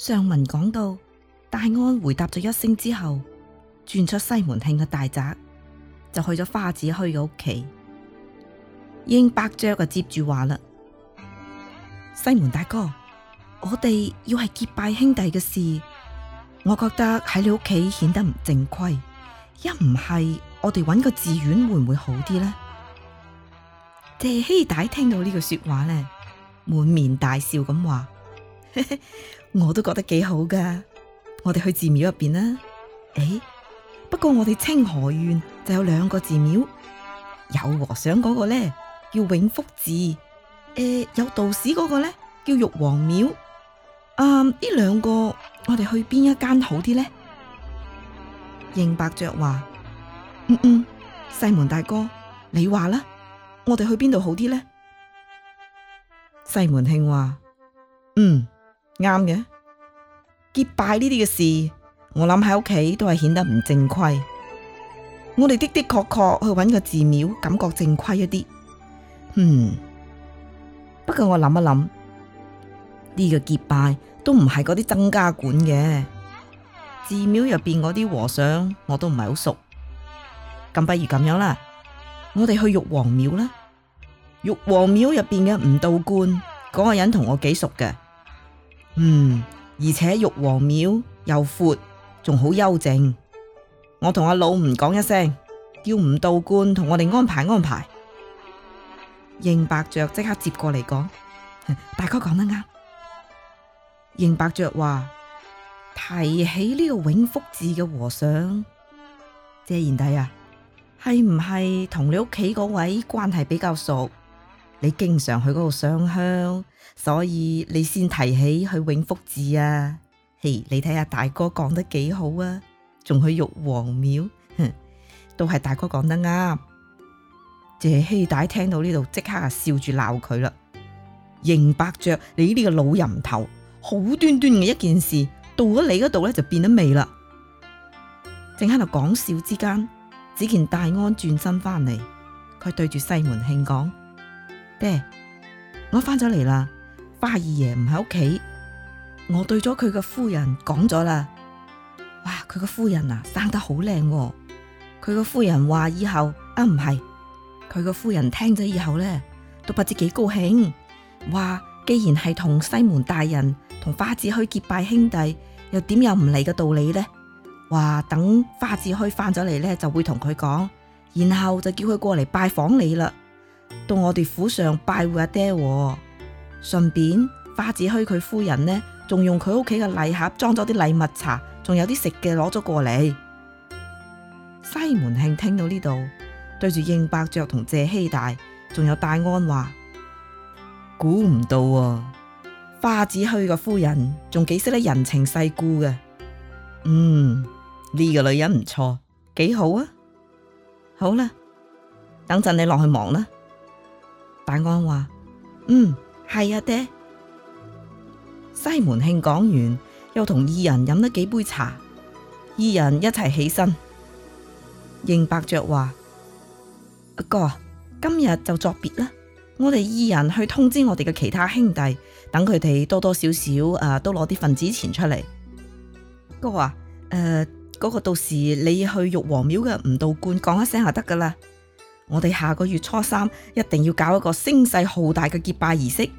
上文講到，大安回答咗一聲之後，轉出西門慶嘅大宅，就去咗花子虛嘅屋企。應伯爵就接住話啦：「西門大哥，我哋要係結拜兄弟嘅事，我覺得喺你屋企顯得唔正規。一唔係，我哋搵個寺院會唔會好啲呢？謝希大聽到呢句說話呢，滿面大笑咁話。 我都覺得幾好噶，我哋去寺廟入邊啦。誒、哎，不過我哋清河縣就有兩個寺廟，有和尚嗰個咧叫永福寺，誒、呃、有道士嗰個咧叫玉皇廟。啊，呢兩個我哋去邊一間好啲呢？應伯爵話，嗯嗯，西門大哥，你話啦，我哋去邊度好啲呢？」西門慶話，嗯。啱嘅，嗯，結拜呢啲嘅事，我諗喺屋企都係顯得唔正規。我哋的的確確去搵個寺廟，感覺正規一啲。嗯，不過我諗一諗，呢、這個結拜都唔係嗰啲曾家館嘅寺廟入邊嗰啲和尚，我都唔係好熟。咁不如咁樣啦，我哋去玉皇廟啦。玉皇廟入邊嘅吳道官嗰，那個人同我幾熟嘅。嗯，而且玉皇廟又闊，仲好幽靜。我同阿老吳講一聲，叫吳道官同我哋安排安排。應伯爵即刻接過嚟講，大哥講得啱。應伯爵話提起呢個永福寺嘅和尚，謝賢弟啊，係唔係同你屋企嗰位關係比較熟？你經常去嗰度上香，所以你先提起去永福寺啊。嘿、hey，你睇下大哥講得幾好啊，仲去玉皇廟，哼， 都係大哥講得啱。謝希大聽到呢度，即刻啊笑住鬧佢啦，應伯爵，你呢個老淫頭，好端端嘅一件事到咗你嗰度咧就變咗味啦。正喺度講笑之間，只見玳安轉身翻嚟，佢對住西門慶講。爹，我翻咗嚟啦。花二爺唔喺屋企，我對咗佢嘅夫人講咗啦。哇，佢個夫人啊，生得好靚喎。佢個夫人話以後啊，唔係。佢個夫人聽咗以後呢，都不知幾高興。哇，既然係同西門大人同花子虛結拜兄弟，又點有唔嚟嘅道理呢？話等花子虛翻咗嚟呢，就會同佢講，然後就叫佢過嚟拜訪你啦。到我哋府上拜會阿爹喎，順便，花子虛佢夫人呢，仲用佢屋企嘅禮盒裝咗啲禮物茶，仲有啲食嘅攞咗過嚟。西門慶聽到呢度，對住應伯爵同謝希大，仲有戴安話：估唔到啊，花子虛嘅夫人仲幾識得人情世故嘅，嗯，呢個女人唔錯，幾好啊。好啦，等陣你落去忙啦。大安話：嗯，係啊，爹。西門慶講完，又同二人飲咗幾杯茶，二人一齊起身。應伯爵話：阿哥，哥，今日就作別啦，我哋二人去通知我哋嘅其他兄弟，等佢哋多多少少啊，都攞啲份子錢出嚟。哥，哥啊，誒、呃，嗰、那個到時你去玉皇廟嘅吳道官講一聲就得噶啦。我哋下個月初三一定要搞一個聲勢浩大嘅結拜儀式。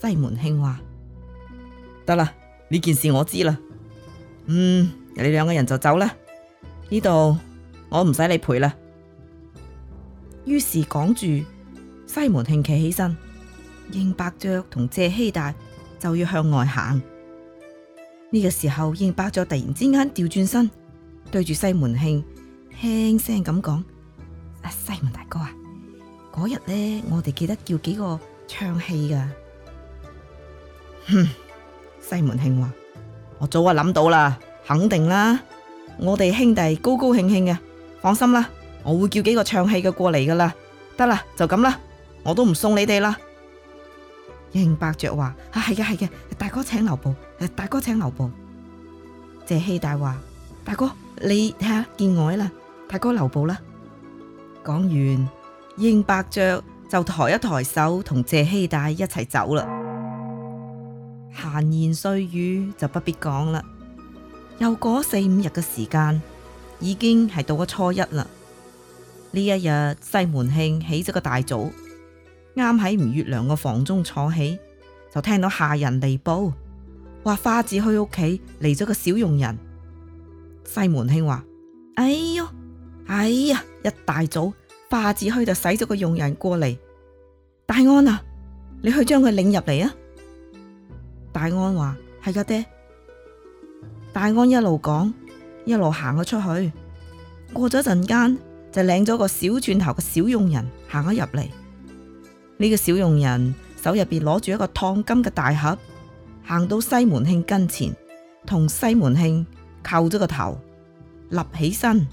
西門慶話：得啦，呢件事我知啦。嗯，你兩個人就走啦，呢度我唔使你陪啦。於是講住，西門慶企起身，應伯爵同謝希大就要向外行。呢個時候，應伯爵突然之間調轉身，對住西門慶輕聲咁講。西門大哥啊，嗰日呢，我哋記得叫幾個唱戲噶。哼，西門慶話：我早就諗到啦，肯定啦，我哋兄弟高高興興嘅，放心啦，我會叫幾個唱戲嘅過嚟噶啦。得啦，就咁啦，我都唔送你哋啦。應伯爵話：係嘅，係嘅，大哥請留步，大哥請留步。謝希大話：大哥，你睇下見外啦，大哥留步啦。講完，應伯爵就抬一抬手，同謝希大一齊走啦。閒言碎語就不必講啦。又過四五日嘅時間，已經係到咗初一啦。呢一日，西門慶起咗個大早，啱喺吳月娘個房中坐起，就聽到下人嚟報，話花子虛屋企嚟咗個小傭人。西門慶話：哎喲，哎呀，一大早。花子虛就使咗個傭人過嚟，大安啊，你去將佢領入嚟啊！大安話係啊，爹。大安一路講，一路行咗出去。過咗陣間，就領咗個小轉頭嘅小傭人行咗入嚟。呢、這個小傭人手入邊攞住一個燙金嘅大盒，行到西門慶跟前，同西門慶叩咗個頭，立起身，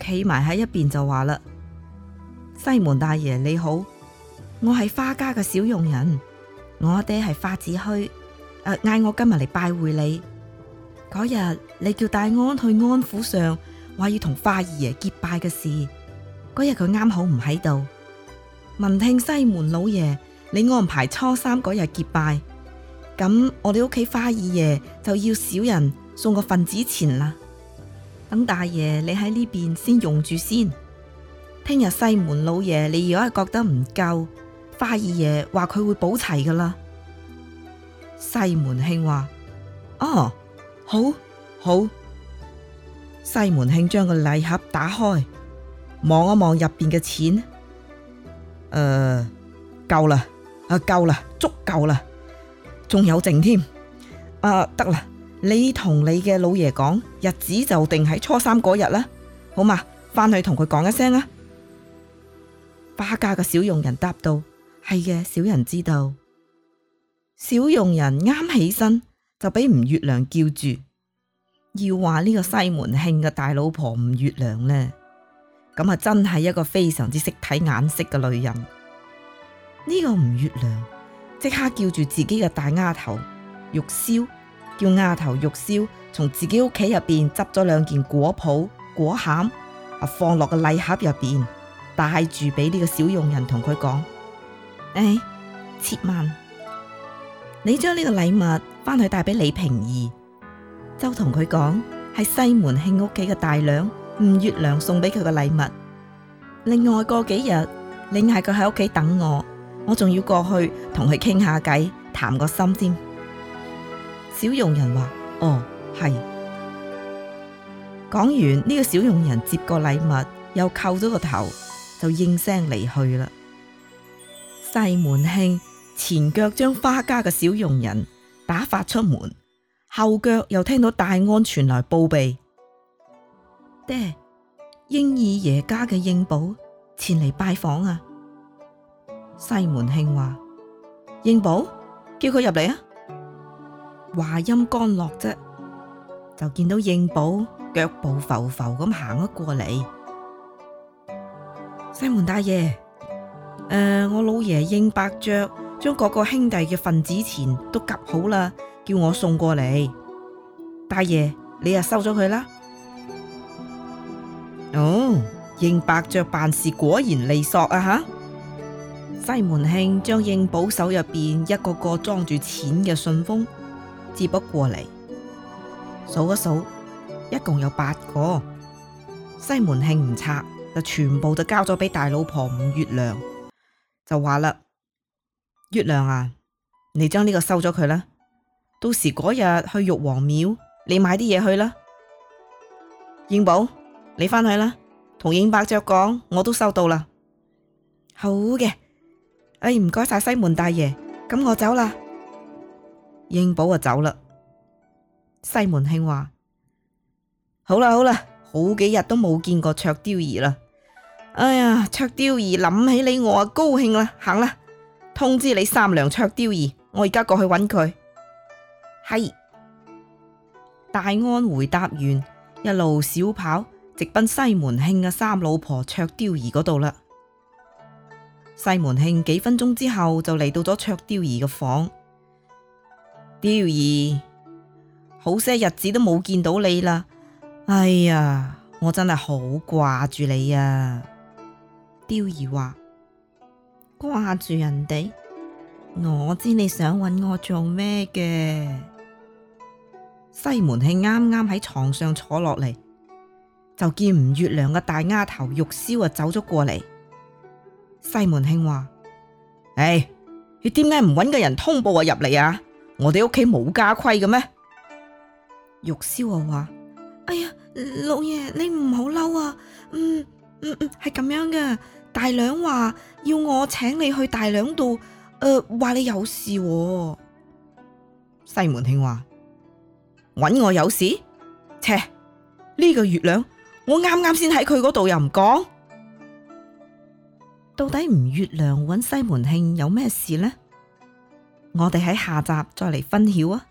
企埋喺一邊就話啦。西門大爺你好，我係花家嘅小傭人，我阿爹係花子虛，誒、呃、嗌我今日嚟拜會你。嗰日你叫大安去安府上，話要同花二爺結拜嘅事。嗰日佢啱好唔喺度。聞聽西門老爺，你安排初三嗰日結拜，咁我哋屋企花二爺就要小人送個份子錢啦。等大爺你喺呢邊先用住先。聽日西門老爺，你如果係覺得唔夠，花二爺話佢會補齊噶啦。西門慶話，哦，好，好。西門慶將個禮盒打開，望一望入邊嘅錢，誒、呃，夠啦，啊，夠啦，足夠啦，仲有剩添。啊，得啦，你同你嘅老爺講，日子就定喺初三嗰日啦，好嘛？翻去同佢講一聲啊！花家嘅小傭人答道：係嘅，小人知道。小傭人啱起身就俾吳月娘叫住，要話呢個西門慶嘅大老婆吳月娘呢，咁啊真係一個非常之識睇眼色嘅女人。呢、呢個吳月娘即刻叫住自己嘅大丫頭玉簫，叫丫頭玉簫從自己屋企入邊執咗兩件果脯、果餡啊，放落個禮盒入邊。帶住俾呢個小傭人同佢講：哎，且慢，你將呢個禮物翻去帶俾李瓶兒，就同佢講係西門慶屋企嘅大娘吳月娘送俾佢嘅禮物。另外過幾日，你嗌佢喺屋企等我，我仲要過去同佢傾下偈，談個心添。小傭人話：哦，係。講完呢個小傭人接過禮物，又叩咗個頭。就應聲離去啦。西門慶前腳將花家嘅小傭人打發出門，後腳又聽到大安傳來報備：爹，英二爺家嘅應寶前嚟拜訪啊。西門慶話：應寶，叫佢入嚟啊。話音剛落啫，就見到應寶腳步浮浮咁行咗過嚟。西門大爺，誒、呃，我老爺應伯爵將各個兄弟嘅份子錢都夾好啦，叫我送過嚟。大爺，你啊收咗佢啦。哦，應伯爵辦事果然利索啊！吓？西門慶將應寶手入邊一個個裝住錢嘅信封接不過嚟，數一數，一共有八個。西門慶唔拆。就全部就交咗俾大老婆吳月娘，就話啦：，月娘啊，你將呢個收咗佢啦，到時嗰日去玉皇廟，你買啲嘢去啦。應寶，你翻去啦，同應伯爵講，我都收到啦。好嘅，哎，唔該晒西門大爺，咁我走啦。應寶就走啦。西門慶話：好啦好啦，好幾日都冇見過卓雕兒啦。哎呀，卓雕兒，諗起你我，我啊高興啦！行啦，通知你三娘卓雕兒，我而家過去揾佢。係！大安回答完，一路小跑，直奔西門慶嘅三老婆卓雕兒嗰度啦。西門慶幾分鐘之後就嚟到咗卓雕兒嘅房。雕兒，好些日子都冇見到你啦，哎呀，我真係好掛住你呀，啊！雕兒話：掛住人哋，我知你想搵我做咩嘅。西門慶啱啱喺床上坐落嚟，就見吳月娘嘅大丫頭玉簫啊走咗過嚟。西門慶話：唉，你點解唔搵個人通報啊入嚟啊？我哋屋企冇家規嘅咩？玉簫又話：哎呀，老爺你唔好嬲啊，嗯。嗯嗯，係咁樣嘅。大娘話要我請你去大娘度，誒、呃，話你有事，哦。西門慶話搵我有事，切呢、這個月娘，我啱啱先喺佢嗰度又唔講，到底吳月娘搵西門慶有咩事呢？我哋喺下集再嚟分曉啊！